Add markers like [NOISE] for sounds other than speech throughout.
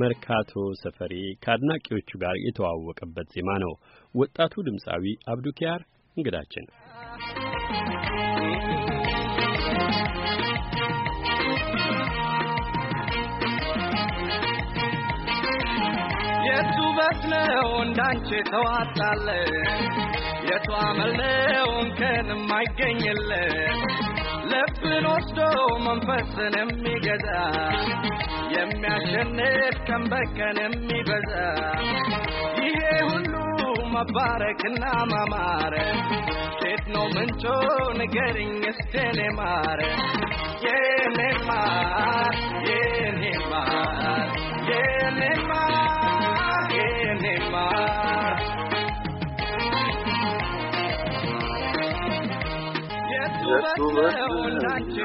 መርካቶ ሰፈሬ ከአድናቂዎቹ ጋር የተዋወቀበት ዜማ ነው። ወጣቱ ድምፃዊ አብዱኪያር እንግዳችን የቱ በት ነው እንዳንቺ ተዋጣለ የቱ አመል አይገኝለ እንከን የማይገኝለት ወስዶ መንፈስን የሚገዛ የሚያሸንፍ ቀን በቀን የሚበዛ ይሄ ሁሉ መባረክና ማማረ ሴት ነው ምንጮ ንገርኝ እስቴ ማረ የኔ ማር የኔ ማር የኔ ማር የኔ ማር የቱ በሰው እንዳንቺ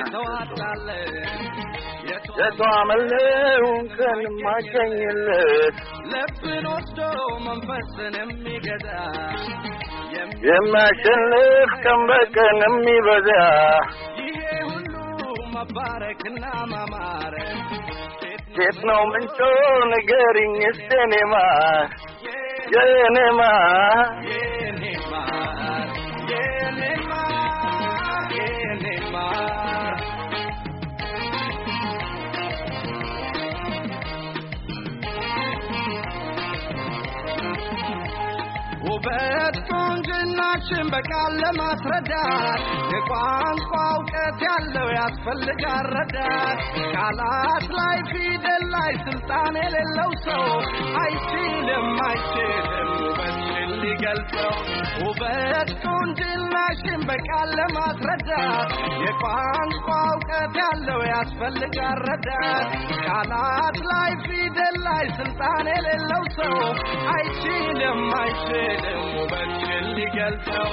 ሸቷመሌውን ከንማገኝለት ልብን ወስዶ መንፈስን የሚገዛ የሚያሸንፍ ቀን በቀን የሚበዛ ይሄ ሁሉ መባረክና ማማረ ሴት ነው ምንጮ ንገሪኝ እስቴኔማ የኔማ ነገሮችን በቃል ለማስረዳት የቋንቋ እውቀት ያለው ያስፈልጋል ረዳት። ቃላት ላይ ፊደል ላይ ስልጣን የሌለው ሰው አይችልም አይችልም ውበትን ሊገልጸው። ውበት ቁንጅናሽን በቃል ለማስረዳት የቋንቋ እውቀት ያለው ያስፈልጋል ረዳት። ቃላት ላይ ፊደል ላይ ስልጣን የሌለው ሰው አይችልም አይችልም ውበትሽን ሊገልጸው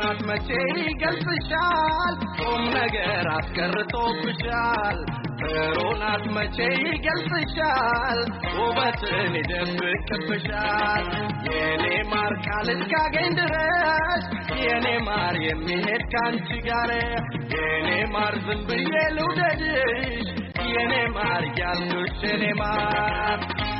ናት መቼ ይገልጽሻል ቁም ነገር አስቀርቶብሻል ናት መቼ ይገልጽሻል ውበትን ይደብቅብሻል የኔ ማር ቃል እስካገኝ ድረስ የኔ ማር የሚሄድ ካንቺ ጋር የኔ ማር ዝም ብዬ ልውደድሽ የኔ ማር ያልኩሽ የኔ ማር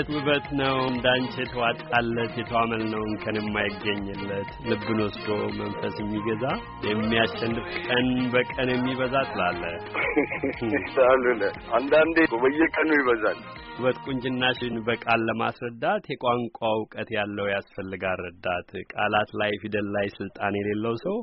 የውበት ውበት ነው እንዳንቺ የተዋጣለት የተዋመል ነው እንከን የማይገኝለት ልብን ወስዶ መንፈስ የሚገዛ የሚያሸንፍ ቀን በቀን የሚበዛ ትላለ አሉለ አንዳንዴ በየቀኑ ይበዛል። ውበት ቁንጅናሽን በቃል ለማስረዳት የቋንቋ እውቀት ያለው ያስፈልጋል ረዳት። ቃላት ላይ ፊደል ላይ ስልጣን የሌለው ሰው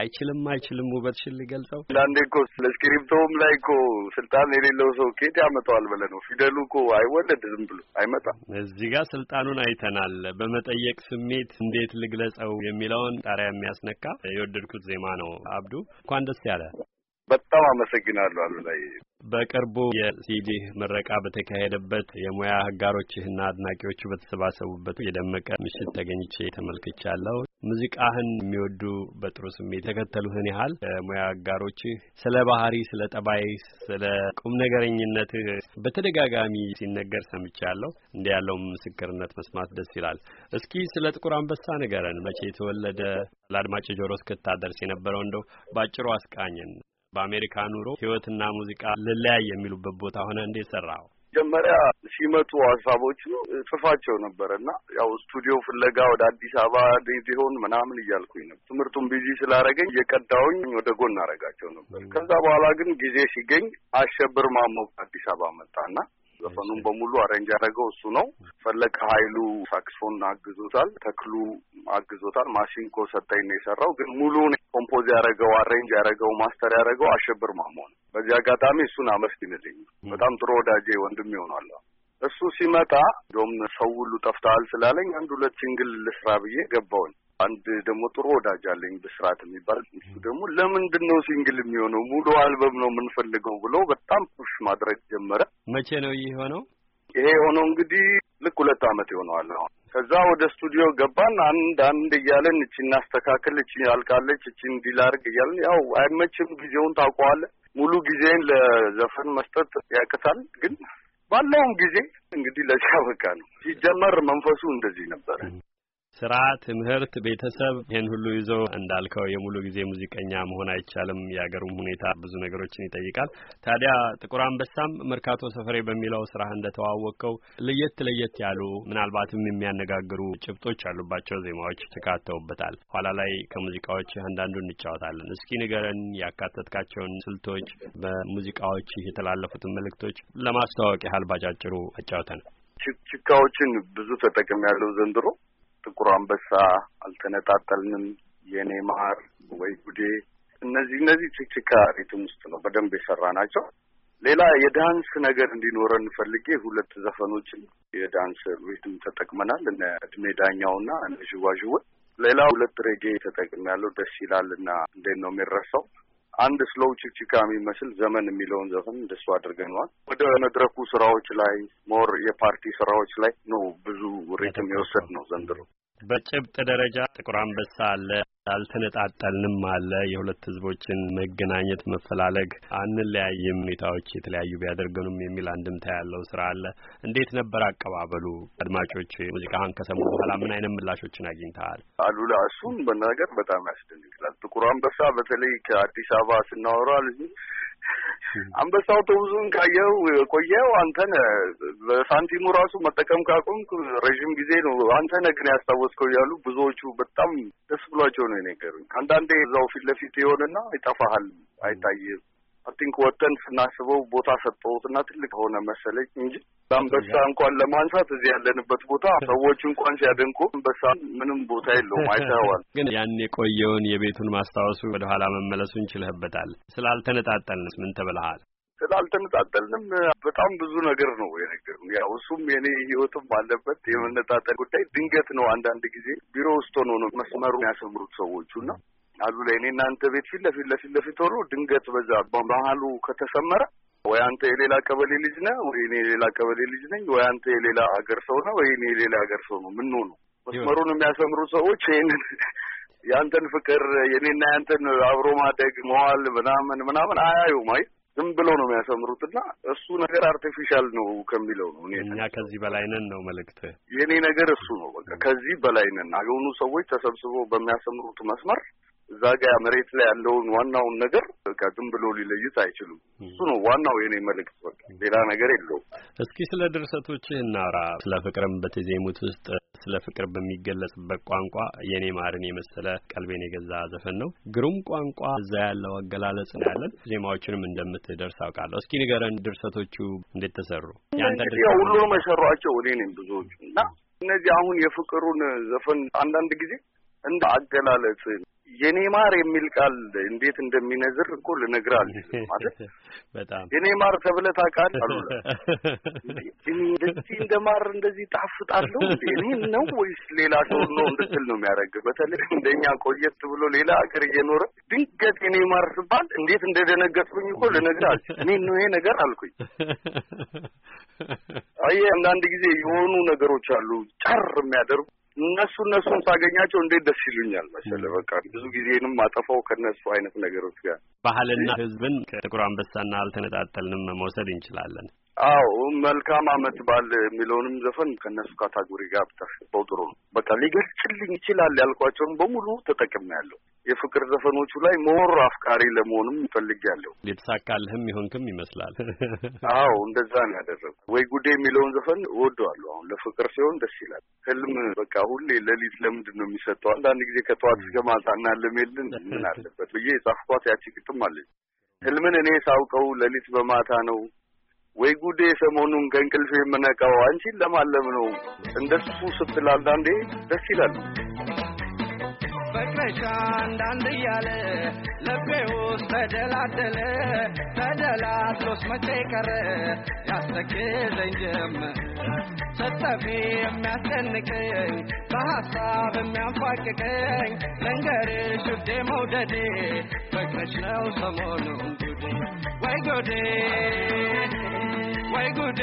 አይችልም አይችልም ውበትሽን ሊገልጸው ለአንዴ እኮ ለእስክሪፕቶም ላይ እኮ ስልጣን የሌለው ሰው ኬት ያመጣዋል ብለህ ነው። ፊደሉ እኮ አይወለድ ዝም ብሎ አይመጣም። እዚህ ጋር ስልጣኑን አይተናል። በመጠየቅ ስሜት እንዴት ልግለጸው የሚለውን ጣሪያ የሚያስነካ የወደድኩት ዜማ ነው። አብዱ እንኳን ደስ ያለ። በጣም አመሰግናለሁ ላይ በቅርቡ የሲዲህ ምረቃ በተካሄደበት የሙያ ህጋሮችህና አድናቂዎቹ በተሰባሰቡበት የደመቀ ምሽት ተገኝቼ ተመልክቻለሁ። ሙዚቃህን የሚወዱ በጥሩ ስሜት የተከተሉህን ያህል ሙያ አጋሮችህ ስለ ባህሪ፣ ስለ ጠባይ፣ ስለ ቁም ነገረኝነትህ በተደጋጋሚ ሲነገር ሰምቻለሁ። እንዲ ያለውም ምስክርነት መስማት ደስ ይላል። እስኪ ስለ ጥቁር አንበሳ ንገረን። መቼ የተወለደ ለአድማጭ ጆሮ እስክታደርስ የነበረው እንደው ባጭሩ አስቃኝን። በአሜሪካ ኑሮ ህይወትና ሙዚቃ ልለያይ የሚሉበት ቦታ ሆነ እንዴት ሰራው? መጀመሪያ ሲመጡ ሀሳቦቹ ጽፋቸው ነበረ እና ያው ስቱዲዮ ፍለጋ ወደ አዲስ አበባ ዴዜሆን ምናምን እያልኩኝ ነበር። ትምህርቱን ቢዚ ስላደረገኝ እየቀዳውኝ ወደ ጎን አደረጋቸው ነበር። ከዛ በኋላ ግን ጊዜ ሲገኝ አሸብር ማሞ አዲስ አበባ መጣና ዘፈኑን በሙሉ አረንጅ ያደረገው እሱ ነው። ፈለቀ ኃይሉ ሳክስፎን አግዞታል። ተክሉ አግዞታል። ማሲንኮ ሰጠኝ ነው የሰራው። ግን ሙሉን ኮምፖዝ ያደረገው አሬንጅ ያደረገው ማስተር ያደረገው አሸብር ማሞ ነው። በዚህ አጋጣሚ እሱን አመስግንልኝ። በጣም ጥሩ ወዳጄ ወንድም ይሆኗል። እሱ ሲመጣ ዶም ሰው ሁሉ ጠፍተሃል ስላለኝ አንድ ሁለት ሲንግል ልስራ ብዬ ገባውኝ። አንድ ደግሞ ጥሩ ወዳጅ አለኝ ብስራት የሚባል እሱ ደግሞ ለምንድን ነው ሲንግል የሚሆነው ሙሉ አልበም ነው የምንፈልገው ብሎ በጣም ፑሽ ማድረግ ጀመረ። መቼ ነው ይህ የሆነው? ይሄ የሆነው እንግዲህ ልክ ሁለት ዓመት ይሆነዋል አሁን ከዛ ወደ ስቱዲዮ ገባን። አንድ አንድ እያለን እቺ እናስተካክል፣ እቺ አልቃለች፣ እቺ እንዲላርግ እያለን ያው አይመችም፣ ጊዜውን ታውቀዋለህ። ሙሉ ጊዜን ለዘፈን መስጠት ያቅታል ግን ባለውም ጊዜ እንግዲህ ለዚያ በቃ ነው። ሲጀመር መንፈሱ እንደዚህ ነበረ። ስራ፣ ትምህርት፣ ቤተሰብ ይህን ሁሉ ይዞ እንዳልከው የሙሉ ጊዜ ሙዚቀኛ መሆን አይቻልም። የሀገሩም ሁኔታ ብዙ ነገሮችን ይጠይቃል። ታዲያ ጥቁር አንበሳም መርካቶ ሰፈሬ በሚለው ስራ እንደተዋወቀው ለየት ለየት ያሉ ምናልባትም የሚያነጋግሩ ጭብጦች ያሉባቸው ዜማዎች ተካተውበታል። ኋላ ላይ ከሙዚቃዎች አንዳንዱ እንጫወታለን። እስኪ ንገረን ያካተትካቸውን ስልቶች፣ በሙዚቃዎች የተላለፉትን መልእክቶች ለማስተዋወቅ ያህል ባጫጭሩ አጫውተን። ችካዎችን ብዙ ተጠቅም ያለው ዘንድሮ ጥቁር አንበሳ፣ አልተነጣጠልንም፣ የኔ ማር፣ ወይ ጉዴ እነዚህ እነዚህ ችክችካ ሪትም ውስጥ ነው በደንብ የሰራ ናቸው። ሌላ የዳንስ ነገር እንዲኖረን ፈልጌ ሁለት ዘፈኖችን የዳንስ ሪትም ተጠቅመናል። እነ እድሜ ዳኛውና እነ ዥዋዥውን ሌላ ሁለት ሬጌ ተጠቅሜያለሁ። ደስ ይላል እና እንዴት ነው የሚረሳው አንድ ስሎው ችክችካ የሚመስል ዘመን የሚለውን ዘፈን እንደሱ አድርገነዋል። ወደ መድረኩ ስራዎች ላይ ሞር የፓርቲ ስራዎች ላይ ነው ብዙ ሪትም የወሰድ ነው ዘንድሮ። በጭብጥ ደረጃ ጥቁር አንበሳ አለ፣ አልተነጣጠልንም አለ። የሁለት ህዝቦችን መገናኘት መፈላለግ፣ አንለያይም ሁኔታዎች የተለያዩ ቢያደርገንም የሚል አንድምታ ያለው ስራ አለ። እንዴት ነበር አቀባበሉ? አድማጮች ሙዚቃህን ከሰሙ በኋላ ምን አይነት ምላሾችን አግኝተሃል? አሉላ፣ እሱን መናገር በጣም ያስደንቅላል። ጥቁር አንበሳ በተለይ ከአዲስ አበባ ስናወራ [LAUGHS] አንበሳ አውቶቡሱን ካየው የቆየው አንተነ በሳንቲሙ ራሱ መጠቀም ካቆምኩ ረዥም ጊዜ ነው። አንተነ ግን ያስታወስከው እያሉ ብዙዎቹ በጣም ደስ ብሏቸው ነው የነገሩኝ። አንዳንዴ እዛው ፊት ለፊት ይሆንና ይጠፋሃል፣ አይታይም አይ ቲንክ ወጥተን ስናስበው ቦታ እና ትልቅ ሆነ መሰለኝ እንጂ አንበሳ እንኳን ለማንሳት እዚህ ያለንበት ቦታ ሰዎች እንኳን ሲያደንቁ አንበሳ ምንም ቦታ የለውም። አይተዋል። ግን ያን የቆየውን የቤቱን ማስታወሱ ወደኋላ መመለሱ እንችልህበታል። ስላልተነጣጠልን ምን ተብለሃል? ስላልተነጣጠልንም በጣም ብዙ ነገር ነው የነገሩ። ያው እሱም የኔ ህይወትም አለበት የመነጣጠል ጉዳይ ድንገት ነው። አንዳንድ ጊዜ ቢሮ ውስጥ ሆኖ ነው መስመሩን ሰዎቹ ሰዎቹና አሉ ላይ እኔ እናንተ ቤት ፊት ለፊት ለፊት ለፊት ሆኖ ድንገት በዛ በመሀሉ ከተሰመረ ወይ አንተ የሌላ ቀበሌ ልጅ ነህ፣ ወይ እኔ የሌላ ቀበሌ ልጅ ነኝ፣ ወይ አንተ የሌላ ሀገር ሰው ነህ፣ ወይ እኔ የሌላ ሀገር ሰው ነው። ምን ሆኑ መስመሩን የሚያሰምሩ ሰዎች ይህንን የአንተን ፍቅር የኔና ያንተን አብሮ ማደግ መዋል ምናምን ምናምን አያዩም። አይ ዝም ብለው ነው የሚያሰምሩትና እሱ ነገር አርቲፊሻል ነው ከሚለው ነው እኛ ከዚህ በላይ ነን ነው መልእክት። የእኔ ነገር እሱ ነው። በቃ ከዚህ በላይ ነን አገውኑ ሰዎች ተሰብስበው በሚያሰምሩት መስመር እዛ ጋ መሬት ላይ ያለውን ዋናውን ነገር በቃ ዝም ብሎ ሊለይት አይችሉም። እሱ ነው ዋናው የኔ መልእክት፣ በቃ ሌላ ነገር የለውም። እስኪ ስለ ድርሰቶች እናውራ። ስለ ፍቅርም በተዜሙት ውስጥ ስለ ፍቅር በሚገለጽበት ቋንቋ የኔ ማርን የመሰለ ቀልቤን የገዛ ዘፈን ነው። ግሩም ቋንቋ እዛ ያለው አገላለጽ ነው ያለን። ዜማዎቹንም እንደምትደርስ አውቃለሁ። እስኪ ንገረን፣ ድርሰቶቹ እንዴት ተሰሩ? ያንተ ሁሉንም የሰሯቸው እኔ ነኝ ብዙዎቹ እና እነዚህ አሁን የፍቅሩን ዘፈን አንዳንድ ጊዜ እንደ አገላለጽ የኔማር የሚል ቃል እንዴት እንደሚነዝር እኮ ልነግርህ አልችልም። ማለት [LAUGHS] የኔማር ተብለህ ታውቃለህ አሉ [LAUGHS] እንደዚህ እንደ ማር እንደዚህ ጣፍጣለሁ እኔን ነው ወይስ ሌላ ሰው ነው እንድትል ነው የሚያደርግ። በተለይ እንደኛ ቆየት ብሎ ሌላ ሀገር እየኖረ ድንገት የኔማር ስባል እንዴት እንደደነገጥኩኝ እኮ ልነግርህ አልችልም። እኔን ነው ይሄ ነገር አልኩኝ። [LAUGHS] አየህ አንዳንድ ጊዜ የሆኑ ነገሮች አሉ ጨር የሚያደርጉ እነሱ እነሱን ሳገኛቸው እንዴት ደስ ይሉኛል መሰለ በቃ ብዙ ጊዜንም ማጠፋው ከነሱ አይነት ነገሮች ጋር ባህልና ህዝብን ከጥቁር አንበሳና አልተነጣጠልንም መውሰድ እንችላለን። አዎ መልካም አመት ባል የሚለውንም ዘፈን ከነሱ ካታጎሪ ጋር ብታስበው ጥሩ ነው። በቃ ሊገልጽልኝ ይችላል ያልኳቸውን በሙሉ ተጠቅሜያለሁ። የፍቅር ዘፈኖቹ ላይ ሞር አፍቃሪ ለመሆንም እፈልጋለሁ። የተሳካልህም ይሆንክም ይመስላል። [LAUGHS] አዎ እንደዛ ነው ያደረጉ። ወይ ጉዴ የሚለውን ዘፈን እወደዋለሁ። አሁን ለፍቅር ሲሆን ደስ ይላል። ህልም በቃ ሁሌ ሌሊት ለምንድን ነው የሚሰጠው? አንዳንድ ጊዜ ከጠዋት እስከ ማታ እናለሜልን ምን አለበት ብዬ የጻፍኳት ያቺ ግጥም አለች። ህልምን እኔ ሳውቀው ሌሊት በማታ ነው ወይ ጉዴ ሰሞኑን ከእንቅልፍ የምነቃው አንቺን ለማለም ነው። እንደሱ ስትል አንዳንዴ ደስ ይላል። ፍቅረሻ አንዳንድ እያለ ልቤ ውስጥ ተደላደለ ተደላትሎስ መቼ ቀረ ያስተክዘኝ ጀመር ስጠፊ የሚያስጨንቀኝ በሀሳብ የሚያንፏቅቀኝ ልንገርሽ ውዴ መውደዴ ፍቅረሽ ነው ሰሞኑን ጉዴ ወይ ጉዴ ወይ ጉዴ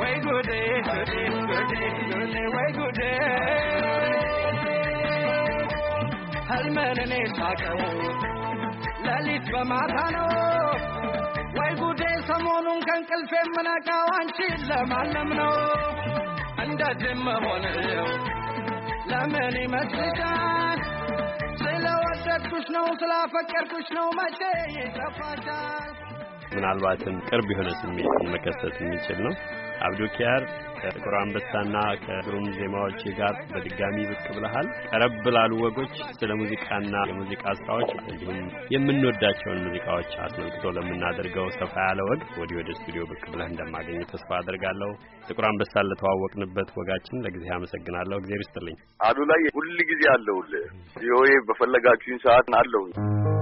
ወይ ጉዴ ጉዴ ጉዴ ጉዴ ወይ ጉዴ ህልሜን እኔ ሳቀው ሌሊት በማታ ነው ወይ ጉዴ ሰሞኑን ከእንቅልፍ የምነቃው አንቺን ለማለም ነው እንደዚህም መሆንየው ለምን ይመስልሻል ስለወደድኩሽ ነው ስላፈቀርኩሽ ነው መቼ ይጠፋሻል ምናልባትም ቅርብ የሆነ ስሜት መከሰት የሚችል ነው። አብዶኪያር ከጥቁር አንበሳና ከግሩም ዜማዎች ጋር በድጋሚ ብቅ ብለሃል። ቀረብ ላሉ ወጎች ስለ ሙዚቃና የሙዚቃ ስራዎች እንዲሁም የምንወዳቸውን ሙዚቃዎች አስመልክቶ ለምናደርገው ሰፋ ያለ ወግ ወዲህ ወደ ስቱዲዮ ብቅ ብለህ እንደማገኝ ተስፋ አድርጋለሁ። ጥቁር አንበሳ ለተዋወቅንበት ወጋችን ለጊዜ አመሰግናለሁ። እግዜር ይስጥልኝ። አሉ ላይ ሁል ጊዜ አለሁልህ። ቪኦኤ በፈለጋችሁኝ ሰዓት አለሁኝ።